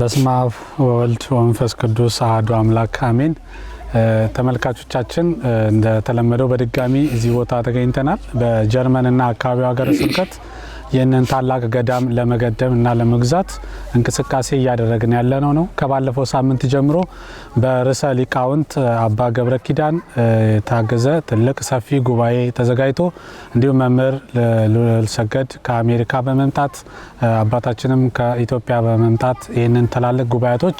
በስመ አብ ወወልድ ወመንፈስ ቅዱስ አሐዱ አምላክ አሜን። ተመልካቾቻችን እንደተለመደው በድጋሚ እዚህ ቦታ ተገኝተናል። በጀርመንና አካባቢው ሀገረ ስብከት ይህንን ታላቅ ገዳም ለመገደም እና ለመግዛት እንቅስቃሴ እያደረግን ያለነው ነው። ከባለፈው ሳምንት ጀምሮ በርዕሰ ሊቃውንት አባ ገብረ ኪዳን የታገዘ ትልቅ ሰፊ ጉባኤ ተዘጋጅቶ እንዲሁም መምህር ሰገድ ከአሜሪካ በመምጣት አባታችንም ከኢትዮጵያ በመምጣት ይህንን ትላልቅ ጉባኤቶች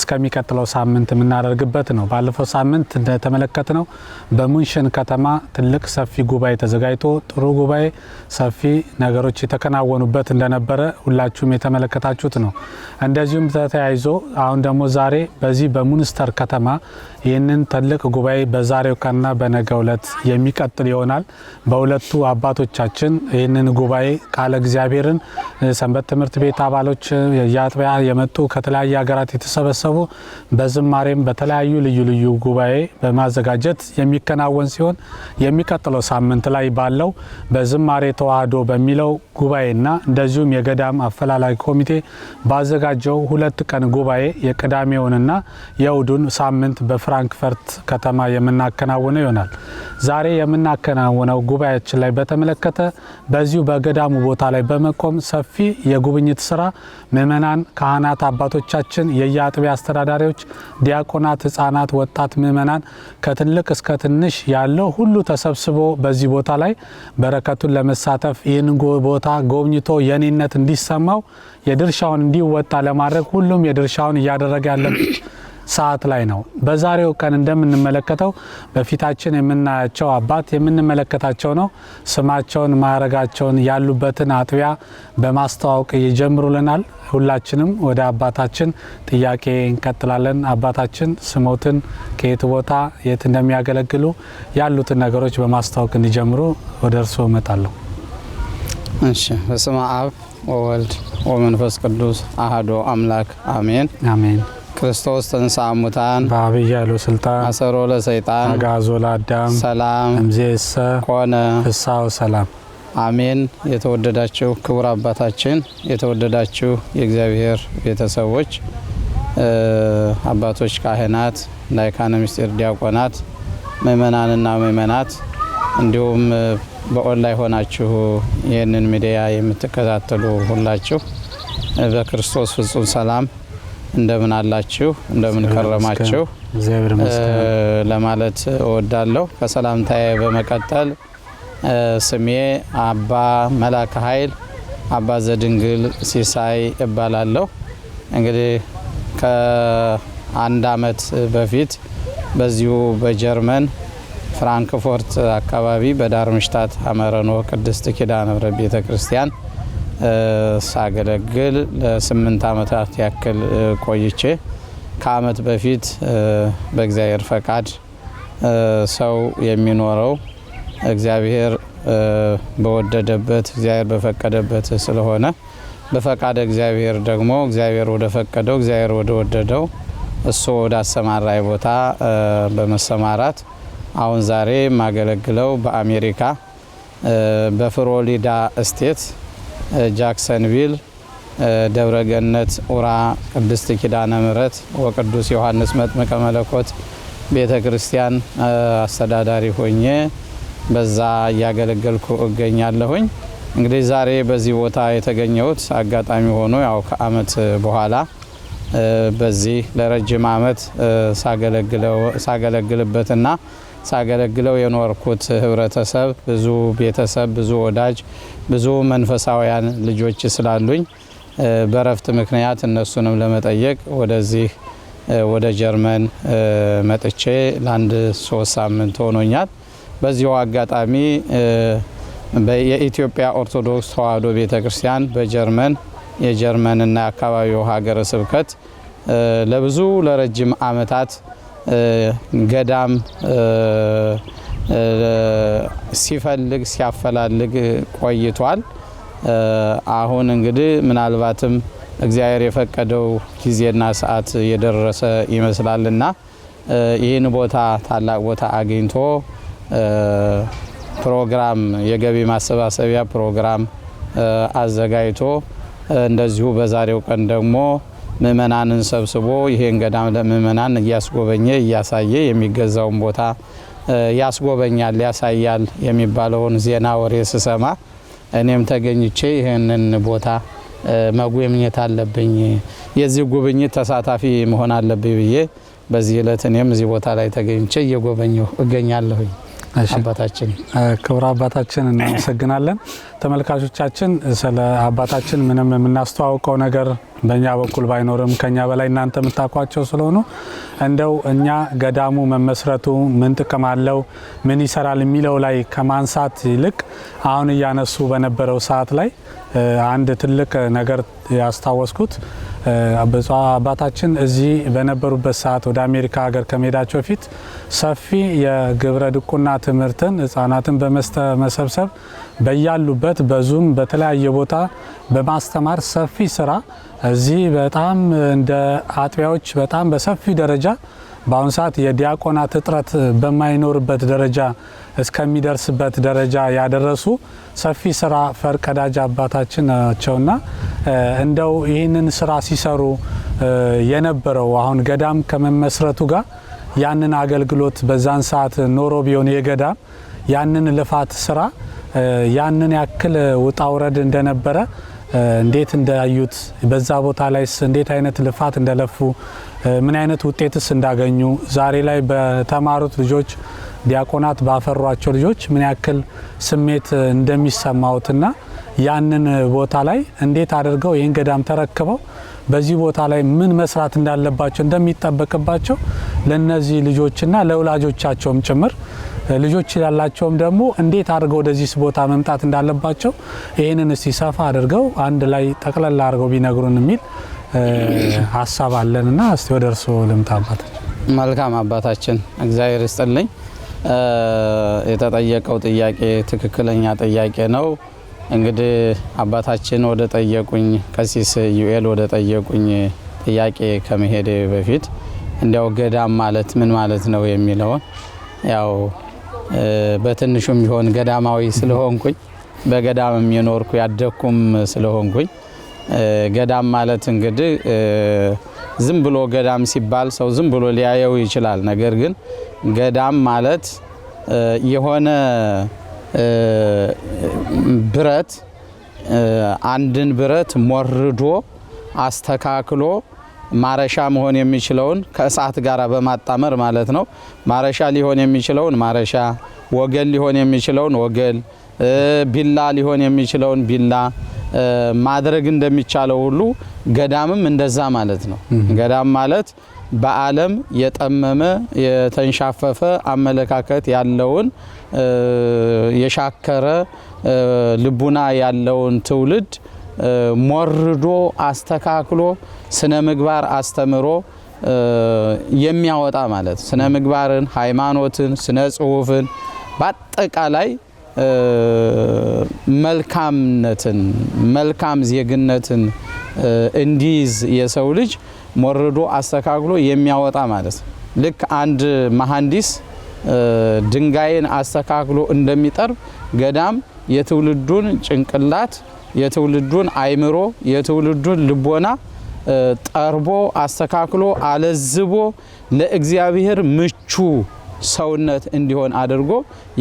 እስከሚቀጥለው ሳምንት የምናደርግበት ነው። ባለፈው ሳምንት እንደተመለከት ነው በሙንሽን ከተማ ትልቅ ሰፊ ጉባኤ ተዘጋጅቶ ጥሩ ጉባኤ ሰፊ ነገሮች የተከናወኑበት እንደነበረ ሁላችሁም የተመለከታችሁት ነው። እንደዚሁም ተተያይዞ አሁን ደግሞ ዛሬ በዚህ በሙኒስተር ከተማ ይህንን ትልቅ ጉባኤ በዛሬው ቀንና በነገ ዕለት የሚቀጥል ይሆናል። በሁለቱ አባቶቻችን ይህንን ጉባኤ ቃለ እግዚአብሔርን ሰንበት ትምህርት ቤት አባሎች የአጥቢያ የመጡ ከተለያየ ሀገራት የተሰበሰቡ በዝማሬም በተለያዩ ልዩ ልዩ ጉባኤ በማዘጋጀት የሚከናወን ሲሆን የሚቀጥለው ሳምንት ላይ ባለው በዝማሬ ተዋህዶ በሚለው ጉባኤና እንደዚሁም የገዳም አፈላላጊ ኮሚቴ ባዘጋጀው ሁለት ቀን ጉባኤ የቅዳሜውንና የእሁዱን ሳምንት በፍራንክፈርት ከተማ የምናከናውነው ይሆናል። ዛሬ የምናከናውነው ጉባኤያችን ላይ በተመለከተ በዚሁ በገዳሙ ቦታ ላይ በመቆም ሰፊ የጉብኝት ስራ ምእመናን፣ ካህናት አባቶቻችን፣ የየአጥቢያ አስተዳዳሪዎች፣ ዲያቆናት፣ ህጻናት፣ ወጣት ምእመናን ከትልቅ እስከ ትንሽ ያለው ሁሉ ተሰብስቦ በዚህ ቦታ ላይ በረከቱን ለመሳተፍ ይህን ቦታ ጎብኝቶ የኔነት እንዲሰማው የድርሻውን እንዲወጣ ለማድረግ ሁሉም የድርሻውን እያደረገ ያለበት ሰዓት ላይ ነው። በዛሬው ቀን እንደምንመለከተው በፊታችን የምናያቸው አባት የምንመለከታቸው ነው። ስማቸውን፣ ማዕረጋቸውን፣ ያሉበትን አጥቢያ በማስተዋወቅ ይጀምሩልናል። ሁላችንም ወደ አባታችን ጥያቄ እንቀጥላለን። አባታችን ስሞትን፣ ከየት ቦታ የት እንደሚያገለግሉ ያሉትን ነገሮች በማስተዋወቅ እንዲጀምሩ ወደ እርስዎ እመጣለሁ። እሺ በስመ አብ ወወልድ ወመንፈስ ቅዱስ አህዶ አምላክ አሜን አሜን። ክርስቶስ ተንሥአ እሙታን በዐቢይ ወሥልጣን አሰሮ ለሰይጣን አግዓዞ ለአዳም ሰላም እምይእዜሰ ኮነ ፍስሐ ወሰላም። አሜን። የተወደዳችሁ ክቡር አባታችን፣ የተወደዳችሁ የእግዚአብሔር ቤተሰቦች፣ አባቶች፣ ካህናት፣ ላይካነ ምስጢር ዲያቆናት፣ ምእመናንና ምእመናት እንዲሁም በኦን ሆናችሁ ይህንን ሚዲያ የምትከታተሉ ሁላችሁ በክርስቶስ ፍጹም ሰላም እንደምን አላችሁ? እንደምን ከረማችሁ? ለማለት እወዳለሁ። ከሰላምታዬ በመቀጠል ስሜ አባ መላከ ኃይል አባ ዘድንግል ሲሳይ እባላለሁ። እንግዲህ ከአንድ አመት በፊት በዚሁ በጀርመን ፍራንክፎርት አካባቢ በዳርምሽታት አመረኖ ቅድስት ኪዳነ ምሕረት ቤተ ክርስቲያን ሳገለግል ለስምንት ዓመታት ያክል ቆይቼ ከአመት በፊት በእግዚአብሔር ፈቃድ ሰው የሚኖረው እግዚአብሔር በወደደበት እግዚአብሔር በፈቀደበት ስለሆነ በፈቃድ እግዚአብሔር ደግሞ እግዚአብሔር ወደ ፈቀደው እግዚአብሔር ወደ ወደደው እሱ ወደ አሰማራይ ቦታ በመሰማራት አሁን ዛሬ የማገለግለው በአሜሪካ በፍሎሪዳ ስቴት ጃክሰንቪል ደብረገነት ኡራ ቅድስት ኪዳነ ምሕረት ወቅዱስ ዮሐንስ መጥምቀ መለኮት ቤተ ክርስቲያን አስተዳዳሪ ሆኜ በዛ እያገለገልኩ እገኛለሁኝ። እንግዲህ ዛሬ በዚህ ቦታ የተገኘሁት አጋጣሚ ሆኖ ያው ከአመት በኋላ በዚህ ለረጅም አመት ሳገለግልበትና ሳገለግለው የኖርኩት ህብረተሰብ ብዙ ቤተሰብ፣ ብዙ ወዳጅ፣ ብዙ መንፈሳውያን ልጆች ስላሉኝ በረፍት ምክንያት እነሱንም ለመጠየቅ ወደዚህ ወደ ጀርመን መጥቼ ለአንድ ሶስት ሳምንት ሆኖኛል። በዚሁ አጋጣሚ የኢትዮጵያ ኦርቶዶክስ ተዋህዶ ቤተ ክርስቲያን በጀርመን የጀርመንና የአካባቢው ሀገረ ስብከት ለብዙ ለረጅም ዓመታት ገዳም ሲፈልግ ሲያፈላልግ ቆይቷል። አሁን እንግዲህ ምናልባትም እግዚአብሔር የፈቀደው ጊዜና ሰዓት የደረሰ ይመስላልና ይህን ቦታ ታላቅ ቦታ አግኝቶ ፕሮግራም የገቢ ማሰባሰቢያ ፕሮግራም አዘጋጅቶ እንደዚሁ በዛሬው ቀን ደግሞ ምእመናንን ሰብስቦ ይሄን ገዳም ለምእመናን እያስጎበኘ እያሳየ የሚገዛውን ቦታ ያስጎበኛል፣ ያሳያል የሚባለውን ዜና ወሬ ስሰማ እኔም ተገኝቼ ይህንን ቦታ መጎብኘት አለብኝ፣ የዚህ ጉብኝት ተሳታፊ መሆን አለብኝ ብዬ በዚህ ዕለት እኔም እዚህ ቦታ ላይ ተገኝቼ እየጎበኘሁ እገኛለሁኝ። አባታችን ክቡር አባታችን እናመሰግናለን። ተመልካቾቻችን ስለ አባታችን ምንም የምናስተዋውቀው ነገር በእኛ በኩል ባይኖርም ከኛ በላይ እናንተ የምታውቋቸው ስለሆኑ እንደው እኛ ገዳሙ መመስረቱ ምን ጥቅም አለው፣ ምን ይሰራል የሚለው ላይ ከማንሳት ይልቅ አሁን እያነሱ በነበረው ሰዓት ላይ አንድ ትልቅ ነገር ያስታወስኩት ብፁዕ አባታችን እዚህ በነበሩበት ሰዓት ወደ አሜሪካ ሀገር ከመሄዳቸው ፊት ሰፊ የግብረ ድቁና ትምህርትን ህጻናትን መሰብሰብ በያሉበት በዙም በተለያየ ቦታ በማስተማር ሰፊ ስራ እዚህ በጣም እንደ አጥቢያዎች በጣም በሰፊ ደረጃ በአሁኑ ሰዓት የዲያቆናት እጥረት በማይኖርበት ደረጃ እስከሚደርስበት ደረጃ ያደረሱ ሰፊ ስራ ፈርቀዳጅ አባታችን ናቸውና እንደው ይህንን ስራ ሲሰሩ የነበረው አሁን ገዳም ከመመስረቱ ጋር ያንን አገልግሎት በዛን ሰዓት ኖሮ ቢሆን የገዳም ያንን ልፋት ስራ ያንን ያክል ውጣ ውረድ እንደነበረ እንዴት እንዳዩት በዛ ቦታ ላይ እንዴት አይነት ልፋት እንደለፉ ምን አይነት ውጤትስ እንዳገኙ ዛሬ ላይ በተማሩት ልጆች ዲያቆናት ባፈሯቸው ልጆች ምን ያክል ስሜት እንደሚሰማውትና ያንን ቦታ ላይ እንዴት አድርገው ይህን ገዳም ተረክበው በዚህ ቦታ ላይ ምን መስራት እንዳለባቸው እንደሚጠበቅባቸው ለእነዚህ ልጆችና ለወላጆቻቸውም ጭምር ልጆች ያላቸውም ደግሞ እንዴት አድርገው ወደዚህ ቦታ መምጣት እንዳለባቸው ይህንን እስቲ ሰፋ አድርገው አንድ ላይ ጠቅለላ አድርገው ቢነግሩን የሚል ሀሳብ አለን እና እስቲ ወደ እርስዎ ልምጣ አባታችን። መልካም አባታችን እግዚአብሔር ይስጥልኝ። የተጠየቀው ጥያቄ ትክክለኛ ጥያቄ ነው። እንግዲህ አባታችን ወደ ጠየቁኝ ቀሲስ ዩኤል ወደ ጠየቁኝ ጥያቄ ከመሄዴ በፊት እንዲያው ገዳም ማለት ምን ማለት ነው የሚለውን ያው በትንሹም ቢሆን ገዳማዊ ስለሆንኩኝ በገዳምም የኖርኩ ያደግኩም ስለሆንኩኝ ገዳም ማለት እንግዲህ ዝም ብሎ ገዳም ሲባል ሰው ዝም ብሎ ሊያየው ይችላል። ነገር ግን ገዳም ማለት የሆነ ብረት አንድን ብረት ሞርዶ አስተካክሎ ማረሻ መሆን የሚችለውን ከእሳት ጋር በማጣመር ማለት ነው። ማረሻ ሊሆን የሚችለውን ማረሻ፣ ወገል ሊሆን የሚችለውን ወገል፣ ቢላ ሊሆን የሚችለውን ቢላ ማድረግ እንደሚቻለው ሁሉ ገዳምም እንደዛ ማለት ነው። ገዳም ማለት በዓለም የጠመመ የተንሻፈፈ አመለካከት ያለውን የሻከረ ልቡና ያለውን ትውልድ ሞርዶ አስተካክሎ ስነ ምግባር አስተምሮ የሚያወጣ ማለት ስነ ምግባርን፣ ሃይማኖትን፣ ስነ ጽሁፍን በአጠቃላይ መልካምነትን መልካም ዜግነትን እንዲይዝ የሰው ልጅ ሞርዶ አስተካክሎ የሚያወጣ ማለት ነው። ልክ አንድ መሐንዲስ ድንጋይን አስተካክሎ እንደሚጠርብ ገዳም የትውልዱን ጭንቅላት የትውልዱን አይምሮ የትውልዱን ልቦና ጠርቦ አስተካክሎ አለዝቦ ለእግዚአብሔር ምቹ ሰውነት እንዲሆን አድርጎ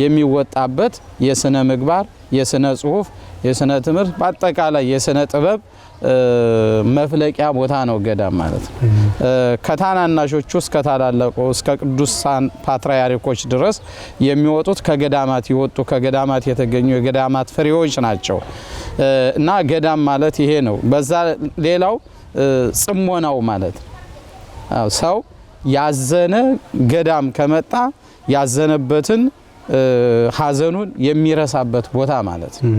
የሚወጣበት የስነ ምግባር፣ የስነ ጽሁፍ፣ የስነ ትምህርት በአጠቃላይ የስነ ጥበብ መፍለቂያ ቦታ ነው ገዳም ማለት ነው። ከታናናሾቹ እስከ ታላላቁ እስከ ቅዱሳን ፓትርያርኮች ድረስ የሚወጡት ከገዳማት የወጡ ከገዳማት የተገኙ የገዳማት ፍሬዎች ናቸው እና ገዳም ማለት ይሄ ነው። በዛ ሌላው ጽሞናው ማለት ሰው ያዘነ ገዳም ከመጣ ያዘነበትን ሀዘኑን የሚረሳበት ቦታ ማለት ነው።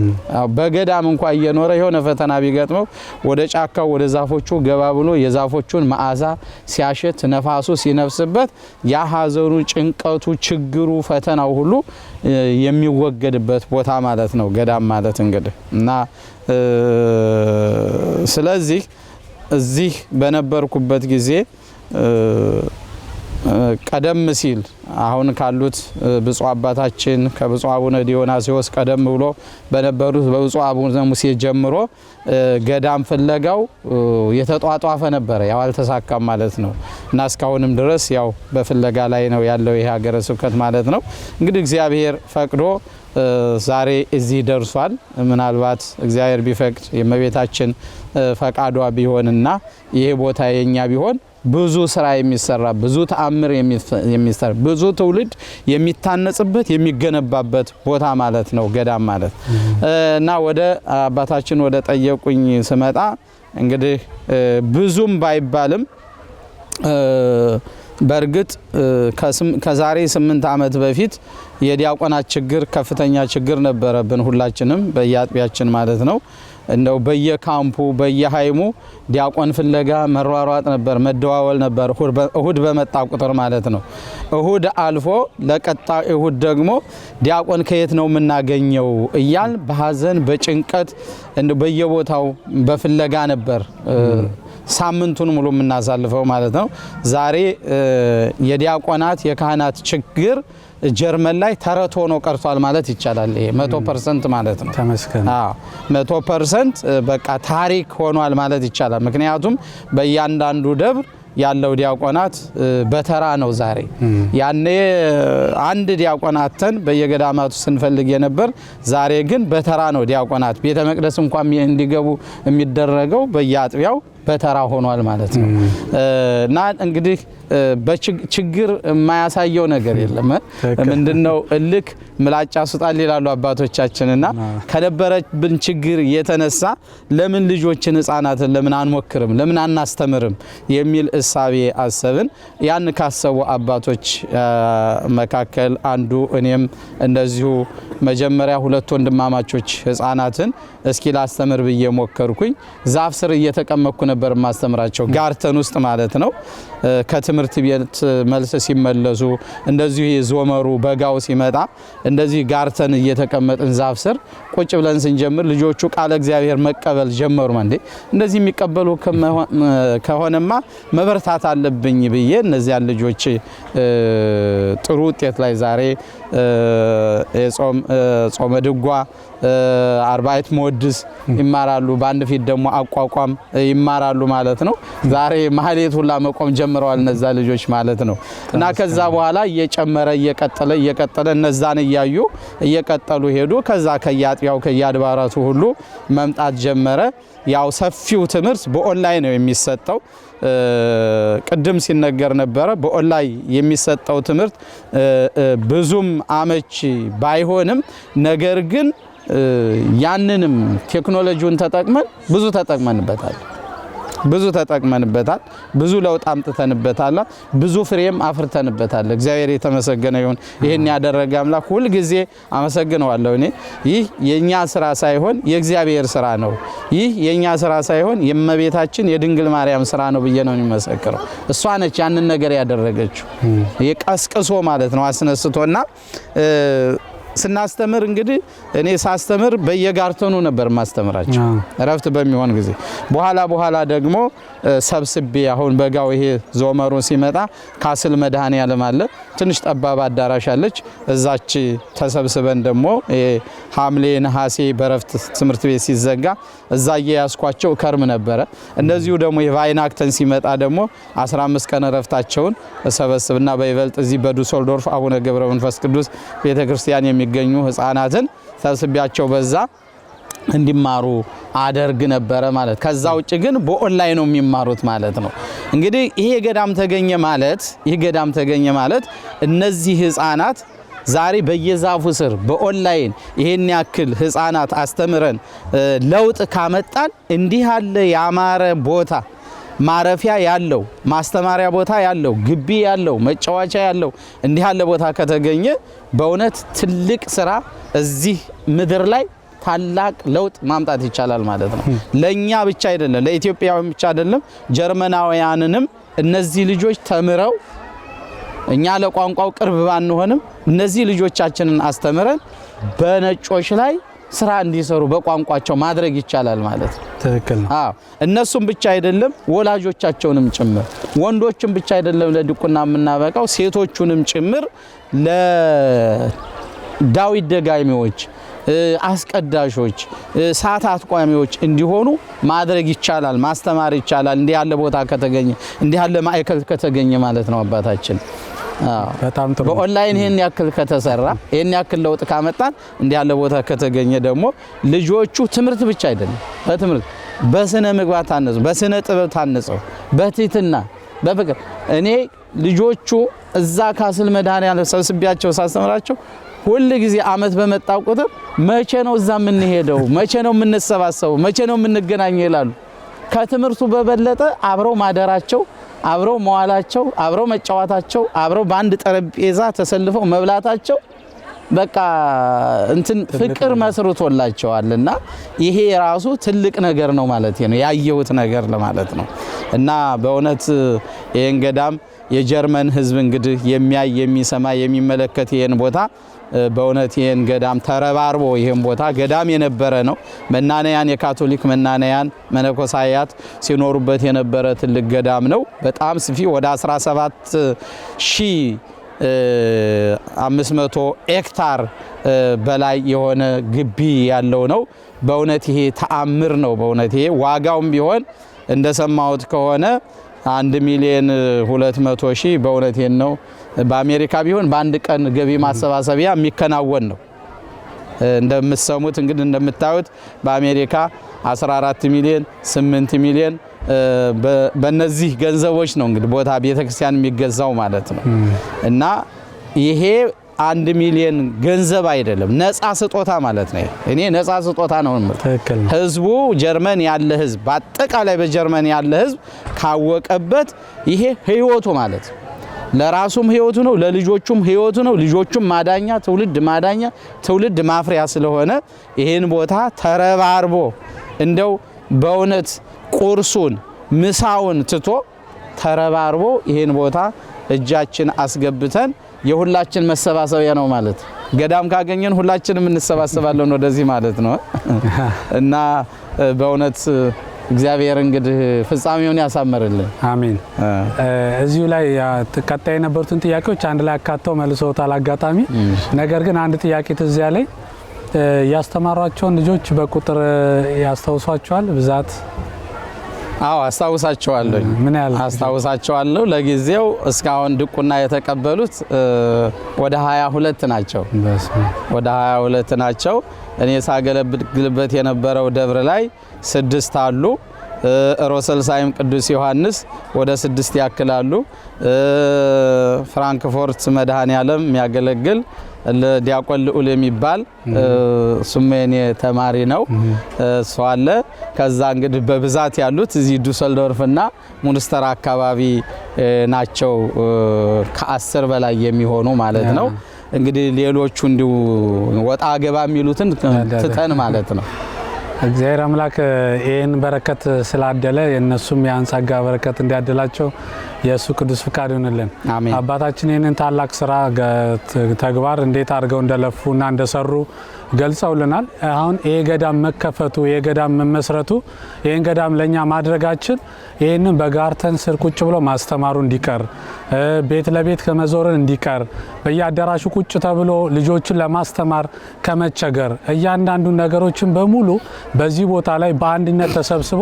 በገዳም እንኳ እየኖረ የሆነ ፈተና ቢገጥመው ወደ ጫካው ወደ ዛፎቹ ገባ ብሎ የዛፎቹን መዓዛ ሲያሸት ነፋሱ ሲነፍስበት ያ ሀዘኑ፣ ጭንቀቱ፣ ችግሩ፣ ፈተናው ሁሉ የሚወገድበት ቦታ ማለት ነው ገዳም ማለት እንግዲህ እና ስለዚህ እዚህ በነበርኩበት ጊዜ ቀደም ሲል አሁን ካሉት ብፁዕ አባታችን ከብፁዕ አቡነ ዲዮናሲዎስ ቀደም ብሎ በነበሩት በብፁዕ አቡነ ሙሴ ጀምሮ ገዳም ፍለጋው የተጧጧፈ ነበረ። ያው አልተሳካም ማለት ነው እና እስካሁንም ድረስ ያው በፍለጋ ላይ ነው ያለው ይሄ ሀገረ ስብከት ማለት ነው። እንግዲህ እግዚአብሔር ፈቅዶ ዛሬ እዚህ ደርሷል። ምናልባት እግዚአብሔር ቢፈቅድ የእመቤታችን ፈቃዷ ቢሆንና ይሄ ቦታ የኛ ቢሆን ብዙ ስራ የሚሰራ ብዙ ተአምር የሚሰራ ብዙ ትውልድ የሚታነጽበት የሚገነባበት ቦታ ማለት ነው ገዳም ማለት እና ወደ አባታችን ወደ ጠየቁኝ ስመጣ እንግዲህ ብዙም ባይባልም በእርግጥ ከዛሬ ስምንት ዓመት በፊት የዲያቆናት ችግር ከፍተኛ ችግር ነበረብን፣ ሁላችንም በየአጥቢያችን ማለት ነው። እንደው በየካምፑ በየሀይሙ ዲያቆን ፍለጋ መሯሯጥ ነበር፣ መደዋወል ነበር። እሁድ በመጣ ቁጥር ማለት ነው። እሁድ አልፎ ለቀጣይ እሁድ ደግሞ ዲያቆን ከየት ነው የምናገኘው እያል በሀዘን በጭንቀት በየቦታው በፍለጋ ነበር ሳምንቱን ሙሉ የምናሳልፈው ማለት ነው። ዛሬ የዲያቆናት የካህናት ችግር ጀርመን ላይ ተረት ሆኖ ቀርቷል ማለት ይቻላል። ይሄ መቶ ፐርሰንት ማለት ነው። ተመስገን። አዎ መቶ ፐርሰንት በቃ ታሪክ ሆኗል ማለት ይቻላል። ምክንያቱም በእያንዳንዱ ደብር ያለው ዲያቆናት በተራ ነው ዛሬ። ያኔ አንድ ዲያቆናተን በየገዳማቱ ስንፈልግ የነበር፣ ዛሬ ግን በተራ ነው ዲያቆናት ቤተ መቅደስ እንኳን እንዲገቡ የሚደረገው በየአጥቢያው በተራ ሆኗል ማለት ነው። እና እንግዲህ በችግር የማያሳየው ነገር የለም። ምንድነው እልክ ምላጭ ያስጣል ይላሉ እና ከነበረብን ችግር የተነሳ ለምን ልጆችን ህጻናትን ለምን አንሞክርም ለምን አናስተምርም የሚል እሳቤ አሰብን። ያን ካሰቡ አባቶች መካከል አንዱ እኔም እንደዚሁ መጀመሪያ ሁለት ወንድማማቾች ህጻናትን እስኪ ላስተምር ብዬ ሞከርኩኝ። ዛፍ ስር እየተቀመጥኩ ነበር ማስተምራቸው ጋርተን ውስጥ ማለት ነው። ከትምህርት ቤት መልስ ሲመለሱ እንደዚሁ ዞመሩ በጋው ሲመጣ እንደዚህ ጋርተን እየተቀመጥን ዛፍ ስር ቁጭ ብለን ስንጀምር ልጆቹ ቃለ እግዚአብሔር መቀበል ጀመሩ። እንዴ እንደዚህ የሚቀበሉ ከሆነማ መበርታት አለብኝ ብዬ እነዚያን ልጆች ጥሩ ውጤት ላይ ዛሬ ጾመ ድጓ አርባይት መወድስ ይማራሉ። በአንድ ፊት ደግሞ አቋቋም ይማራሉ ማለት ነው። ዛሬ ማህሌት ሁላ መቆም ጀምረዋል እነዛ ልጆች ማለት ነው። እና ከዛ በኋላ እየጨመረ እየቀጠለ እየቀጠለ እነዛን እያዩ እየቀጠሉ ሄዱ። ከዛ ከያጥያው ከያድባራቱ ሁሉ መምጣት ጀመረ። ያው ሰፊው ትምህርት በኦንላይን ነው የሚሰጠው። ቅድም ሲነገር ነበረ። በኦንላይን የሚሰጠው ትምህርት ብዙም አመቺ ባይሆንም ነገር ግን ያንንም ቴክኖሎጂውን ተጠቅመን ብዙ ተጠቅመንበታል ብዙ ተጠቅመንበታል። ብዙ ለውጥ አምጥተንበታል። ብዙ ፍሬም አፍርተንበታል። እግዚአብሔር የተመሰገነ ይሁን። ይህን ያደረገ አምላክ ሁልጊዜ አመሰግነዋለሁ። እኔ ይህ የእኛ ስራ ሳይሆን የእግዚአብሔር ስራ ነው። ይህ የእኛ ስራ ሳይሆን የእመቤታችን የድንግል ማርያም ስራ ነው ብዬ ነው የሚመሰክረው። እሷ ነች ያንን ነገር ያደረገችው፣ ቀስቅሶ ማለት ነው አስነስቶና ስናስተምር እንግዲህ እኔ ሳስተምር በየጋርተኑ ነበር ማስተምራቸው እረፍት በሚሆን ጊዜ። በኋላ በኋላ ደግሞ ሰብስቤ አሁን በጋው ይሄ ዞመሩ ሲመጣ ካስል መድኃኔዓለም አለ ትንሽ ጠባብ አዳራሽ አለች። እዛች ተሰብስበን ደግሞ ሐምሌ ነሐሴ በረፍት ትምህርት ቤት ሲዘጋ እዛ እየያዝኳቸው ከርም ነበረ። እንደዚሁ ደግሞ የቫይናክተን ሲመጣ ደግሞ 15 ቀን እረፍታቸውን እሰበስብና በይበልጥ እዚህ በዱሶልዶርፍ አቡነ ገብረ መንፈስ ቅዱስ ቤተክርስቲያን የሚ የሚገኙ ህፃናትን ሰብስቢያቸው በዛ እንዲማሩ አደርግ ነበረ ማለት። ከዛ ውጭ ግን በኦንላይን ነው የሚማሩት ማለት ነው። እንግዲህ ይሄ ገዳም ተገኘ ማለት ይሄ ገዳም ተገኘ ማለት እነዚህ ህፃናት ዛሬ በየዛፉ ስር በኦንላይን ይሄን ያክል ህፃናት አስተምረን ለውጥ ካመጣን እንዲህ ያለ ያማረ ቦታ ማረፊያ ያለው ማስተማሪያ ቦታ ያለው ግቢ ያለው መጫወቻ ያለው እንዲህ ያለ ቦታ ከተገኘ በእውነት ትልቅ ስራ እዚህ ምድር ላይ ታላቅ ለውጥ ማምጣት ይቻላል ማለት ነው። ለእኛ ብቻ አይደለም፣ ለኢትዮጵያውያን ብቻ አይደለም፣ ጀርመናውያንንም እነዚህ ልጆች ተምረው እኛ ለቋንቋው ቅርብ ባንሆንም እነዚህ ልጆቻችንን አስተምረን በነጮች ላይ ስራ እንዲሰሩ በቋንቋቸው ማድረግ ይቻላል ማለት ነው። ትክክል ነው። አዎ እነሱም ብቻ አይደለም ወላጆቻቸውንም ጭምር ወንዶችም ብቻ አይደለም ለዲቁና የምናበቃው ሴቶቹንም ጭምር ለዳዊት ደጋሚዎች፣ አስቀዳሾች፣ ሰዓት አጥቋሚዎች እንዲሆኑ ማድረግ ይቻላል፣ ማስተማር ይቻላል። እንዲህ ያለ ቦታ ከተገኘ እንዲህ ያለ ማዕከል ከተገኘ ማለት ነው አባታችን በኦንላይን ይሄን ያክል ከተሰራ ይሄን ያክል ለውጥ ካመጣን እንዲህ ያለ ቦታ ከተገኘ ደግሞ ልጆቹ ትምህርት ብቻ አይደለም፣ በትምህርት በስነ ምግባር ታነጸው፣ በስነ ጥበብ ታነጹ፣ በትህትና በፍቅር እኔ ልጆቹ እዛ ካስል መድኃኔዓለም ሰብስቢያቸው ሳስተምራቸው ሁል ጊዜ አመት በመጣው ቁጥር መቼ ነው እዛ የምንሄደው? መቼ ነው የምንሰባሰበው? መቼ ነው የምንገናኘው? ይላሉ። ከትምህርቱ በበለጠ አብረው ማደራቸው አብረው መዋላቸው፣ አብረው መጫወታቸው፣ አብረው በአንድ ጠረጴዛ ተሰልፈው መብላታቸው በቃ እንትን ፍቅር መስርቶላቸዋል እና ይሄ ራሱ ትልቅ ነገር ነው ማለት ነው፣ ያየሁት ነገር ለማለት ነው። እና በእውነት ይህን ገዳም የጀርመን ሕዝብ እንግዲህ የሚያይ የሚሰማ የሚመለከት ይህን ቦታ በእውነት ይህን ገዳም ተረባርቦ ይህን ቦታ ገዳም የነበረ ነው። መናነያን የካቶሊክ መናነያን መነኮሳያት ሲኖሩበት የነበረ ትልቅ ገዳም ነው። በጣም ስፊ ወደ 17 ሺህ 500 ሄክታር በላይ የሆነ ግቢ ያለው ነው። በእውነት ይሄ ተአምር ነው። በእውነት ይሄ ዋጋውም ቢሆን እንደሰማሁት ከሆነ አንድ ሚሊየን ሁለት መቶ ሺህ በእውነቴን ነው። በአሜሪካ ቢሆን በአንድ ቀን ገቢ ማሰባሰቢያ የሚከናወን ነው። እንደምትሰሙት እንግዲህ እንደምታዩት በአሜሪካ 14 ሚሊዮን 8 ሚሊዮን በነዚህ ገንዘቦች ነው እንግዲህ ቦታ ቤተክርስቲያን የሚገዛው ማለት ነው እና ይሄ አንድ ሚሊዮን ገንዘብ አይደለም፣ ነፃ ስጦታ ማለት ነው። እኔ ነፃ ስጦታ ነው። ህዝቡ ጀርመን ያለ ህዝብ በአጠቃላይ በጀርመን ያለ ህዝብ ካወቀበት ይሄ ህይወቱ ማለት ለራሱም ህይወቱ ነው፣ ለልጆቹም ህይወቱ ነው። ልጆቹም ማዳኛ፣ ትውልድ ማዳኛ፣ ትውልድ ማፍሪያ ስለሆነ ይህን ቦታ ተረባርቦ እንደው በእውነት ቁርሱን ምሳውን ትቶ ተረባርቦ ይህን ቦታ እጃችን አስገብተን የሁላችን መሰባሰቢያ ነው ማለት ገዳም ካገኘን ሁላችንም እንሰባሰባለን ወደዚህ ማለት ነው እና በእውነት እግዚአብሔር እንግዲህ ፍጻሜውን ያሳምርልን። አሜን። እዚሁ ላይ ቀጣይ የነበሩትን ጥያቄዎች አንድ ላይ አካተው መልሰውታል አጋጣሚ። ነገር ግን አንድ ጥያቄ ትዚያ ላይ ያስተማሯቸውን ልጆች በቁጥር ያስታውሷቸዋል ብዛት አዎ አስታውሳቸዋለሁ። ምን ያህል አስታውሳቸዋለሁ። ለጊዜው እስካሁን ድቁና የተቀበሉት ወደ 22 ናቸው፣ ወደ 22 ናቸው። እኔ ሳገለግልበት የነበረው ደብር ላይ ስድስት አሉ። ሮሰልሳይም ቅዱስ ዮሐንስ ወደ ስድስት ያክላሉ። ፍራንክፎርት መድኃኔ ዓለም የሚያገለግል ዲያቆን ልዑል የሚባል እሱም የኔ ተማሪ ነው። እሱ አለ። ከዛ እንግዲህ በብዛት ያሉት እዚህ ዱሰልዶርፍና ሙንስተር አካባቢ ናቸው፣ ከአስር በላይ የሚሆኑ ማለት ነው። እንግዲህ ሌሎቹ እንዲሁ ወጣ ገባ የሚሉትን ትተን ማለት ነው። እግዚአብሔር አምላክ ይህን በረከት ስላደለ የእነሱም የአንጻጋ በረከት እንዲያደላቸው የእሱ ቅዱስ ፍቃድ ይሆንልን። አባታችን ይህንን ታላቅ ስራ ተግባር እንዴት አድርገው እንደለፉና እንደሰሩ ገልጸውልናል። አሁን ይሄ ገዳም መከፈቱ ይሄ ገዳም መመስረቱ ይህን ገዳም ለእኛ ማድረጋችን ይህንን በጋርተን ስር ቁጭ ብሎ ማስተማሩ እንዲቀር ቤት ለቤት ከመዞርን እንዲቀር በየአዳራሹ ቁጭ ተብሎ ልጆችን ለማስተማር ከመቸገር እያንዳንዱ ነገሮችን በሙሉ በዚህ ቦታ ላይ በአንድነት ተሰብስቦ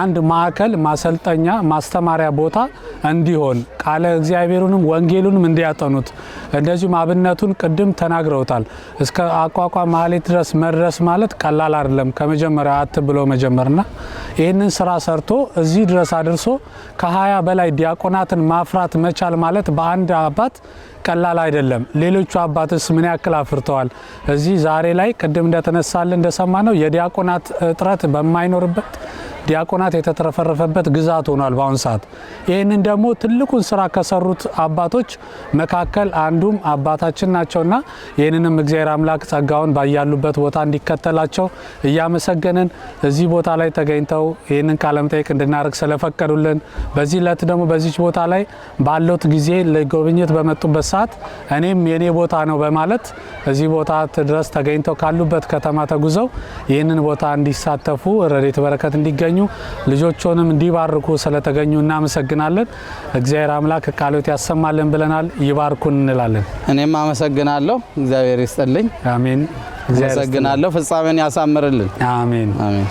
አንድ ማዕከል ማሰልጠኛ ማስተማሪያ ቦታ እንዲሆን ቃለ እግዚአብሔሩንም ወንጌሉንም እንዲያጠኑት እንደዚሁም አብነቱን ቅድም ተናግረውታል። እስከ አቋቋም ማህሌት ድረስ መድረስ ማለት ቀላል አይደለም። ከመጀመሪያ አት ብሎ መጀመርና ይህንን ስራ ሰርቶ እዚህ ድረስ አድርሶ ከሀያ በላይ ዲያቆናትን ማፍራት መቻል ማለት በአንድ አባት ቀላል አይደለም። ሌሎቹ አባትስ ምን ያክል አፍርተዋል? እዚህ ዛሬ ላይ ቅድም እንደተነሳል እንደሰማ ነው የዲያቆናት እጥረት በማይኖርበት ዲያቆናት የተትረፈረፈበት ግዛት ሆኗል በአሁን ሰዓት። ይህንን ደግሞ ትልቁን ስራ ከሰሩት አባቶች መካከል አንዱም አባታችን ናቸውና ይህንንም እግዚአብሔር አምላክ ጸጋውን ባያሉበት ቦታ እንዲከተላቸው እያመሰገንን እዚህ ቦታ ላይ ተገኝተው ይህንን ቃለ መጠይቅ እንድናደርግ ስለፈቀዱልን በዚህ ዕለት ደግሞ በዚች ቦታ ላይ ባለት ጊዜ ለጎብኝት በመጡበት ሰዓት እኔም የኔ ቦታ ነው በማለት እዚህ ቦታ ድረስ ተገኝተው ካሉበት ከተማ ተጉዘው ይህንን ቦታ እንዲሳተፉ ረድኤት በረከት እንዲገኙ ልጆቹንም እንዲባርኩ ስለተገኙ እናመሰግናለን። እግዚአብሔር አምላክ ቃሎት ያሰማልን ብለናል። ይባርኩን እንላለን። እኔም አመሰግናለሁ። እግዚአብሔር ይስጥልኝ። አሜን። አመሰግናለሁ። ፍጻሜን ያሳምርልን። አሜን። አሜን።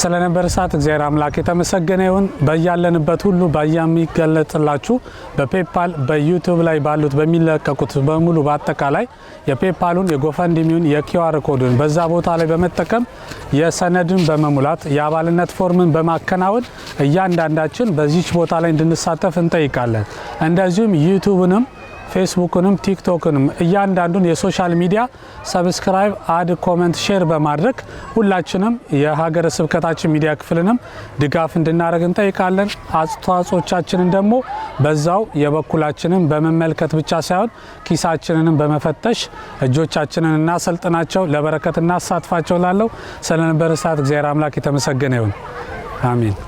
ስለነበረ ሰዓት እግዚአብሔር አምላክ የተመሰገነ ይሁን። በያለንበት ሁሉ በየሚገለጥላችሁ በፔፓል በዩቱብ ላይ ባሉት በሚለቀቁት በሙሉ በአጠቃላይ የፔፓሉን የጎፈንድሚውን የኪዋር ኮዱን በዛ ቦታ ላይ በመጠቀም የሰነድን በመሙላት የአባልነት ፎርምን በማከናወን እያንዳንዳችን በዚች ቦታ ላይ እንድንሳተፍ እንጠይቃለን። እንደዚሁም ዩቱብንም ፌስቡክንም ቲክቶክንም እያንዳንዱን የሶሻል ሚዲያ ሰብስክራይብ፣ አድ፣ ኮመንት፣ ሼር በማድረግ ሁላችንም የሀገረ ስብከታችን ሚዲያ ክፍልንም ድጋፍ እንድናደርግ እንጠይቃለን። አስተዋጽኦቻችንን ደግሞ በዛው የበኩላችንን በመመልከት ብቻ ሳይሆን ኪሳችንንም በመፈተሽ እጆቻችንን እናሰልጥናቸው፣ ለበረከት እናሳትፋቸው። ላለው ስለነበረ ሰዓት እግዚአብሔር አምላክ የተመሰገነ ይሁን። አሜን።